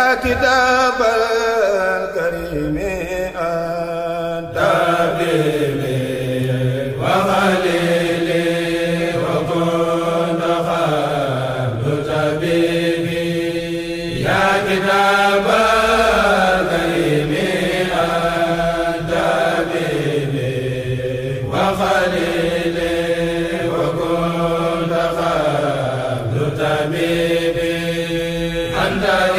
يا كتاب الكريم أنت حبيبي وخليلي وكنت خبر طبيبي يا كتاب الكريم أنت حبيبي وخليلي وكنت خبر طبيبي أنت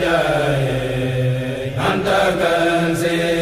jaay anta kanzi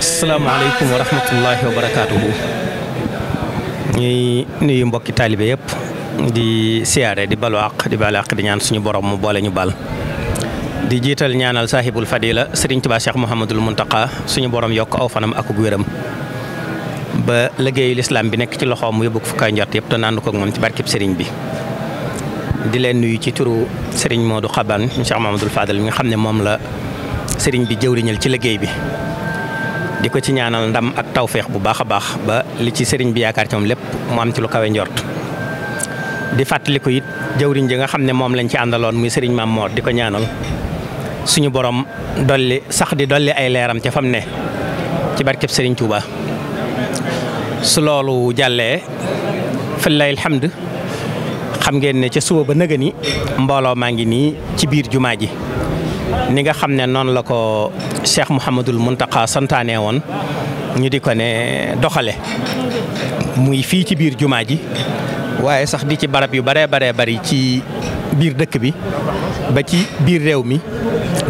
asalaamaaleykum wa rahmatullahi wa barakaatuhu ñuy nuyu mbokki taalibe yëpp di siyaare di balu di balu di ñaan suñu borom mu boole ñu bal di jiital ñaanal saahibul fadila sëriñ Tuubaa Cheikh Mouhamadul Muntaqa suñu borom yokk aw fanam ak wéram ba liggéeyu lislaam bi nekk ci loxo mu yóbbu ko fukkaay njort yëpp te naandu ko ak moom ci barkib sëriñ bi di leen nuyu ci turu Serigne Modou Xaban Cheikh Mamadou Fadal mi nga xam ne moom la Serigne bi jëwriñal ci liggéey bi di ko ci ñaanal ndam ak tawféex bu baax a baax ba li ci sëriñ bi yaakaar ci moom lépp mu am ci lu kawe njort di fàttaliku it jëwriñ ji nga xam ne moom lañ ci àndaloon muy sëriñ Mame Mor di ko ñaanal suñu boroom dolli sax di dolli ay leeram ca fam ne ci barkeb Serigne Touba su loolu jàllee fillaahi alhamd xam ngeen ne ca suba ba nëga ni mbooloo maa ngi nii ci biir jumaa ji ni nga xam ne noonu la ko Cheikh Mouhamadul Mountakha santaane woon ñu di ko ne doxale muy fii ci biir jumaa ji waaye sax di ci barab yu baree baree bari ci biir dëkk bi ba ci biir réew mi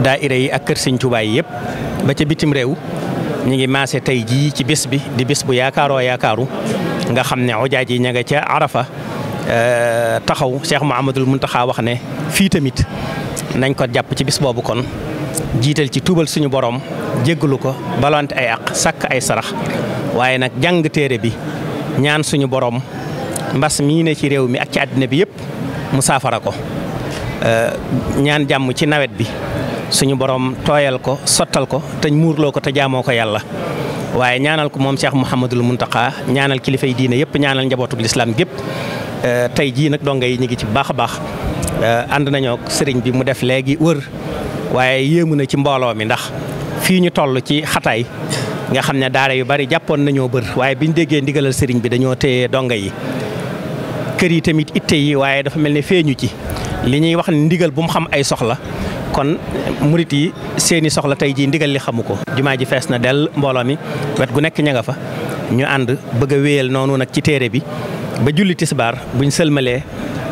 daayira yi ak kër Sëñ Tuubaa yëpp ba ci bitim réew ñu ngi maase tey jii ci bés bi di bés bu yaakaaroo yaakaaru nga xam ne ojaaj yi ña ca Arafa Euh, taxaw Cheikh Mouhamadul Mountakha wax ne fii tamit nañ ko jàpp ci bis boobu kon jiital ci tuubal suñu borom jéggalu ko balante ay àq sàkk ay sarax waaye nag jàng téere bi ñaan suñu boroom mbas mii ne ci réew mi ak ci àddina bi yëpp mu saafara ko euh, ñaan jàmm ci nawet bi suñu borom tooyal ko sottal ko te muurloo ko te jaamoo ko yàlla. waaye ñaanal ko moom Cheikh Mouhamadul Mountakha ñaanal kilifay diine yëpp ñaanal njabootu lislaam gépp Euh, tey jii nag donga yi ñu ngi ci baax a baax euh, ànd nañoo sëriñ bi mu def léegi wër waaye yéemu na ci mbooloo mi ndax fii ñu toll ci xataay nga xam ne daara yu bari jàppoon nañoo bër waaye bi biñ déggee ndigalal sëriñ bi dañoo téye donga yi kër yi tamit itte yi waaye dafa mel ne feeñu ci li ñuy wax ne ndigal bu mu xam ay soxla kon murit yi seeni soxla tey jii ndigal li xamu ko jumaa ji fees na dell mbooloo mi wet gu nekk ña nga fa ñu ànd bëgg a wéyal noonu ci téere bi ba julli tisbaar buñ sëlmalee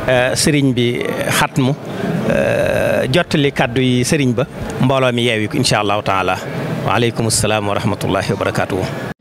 euh, sëriñ bi euh, xatmu euh, jottali kàddu yi sëriñ ba mbooloo mi yeewi ko incha allahu taala waaleykum salaam wa rahmatullahi wa barakaatu.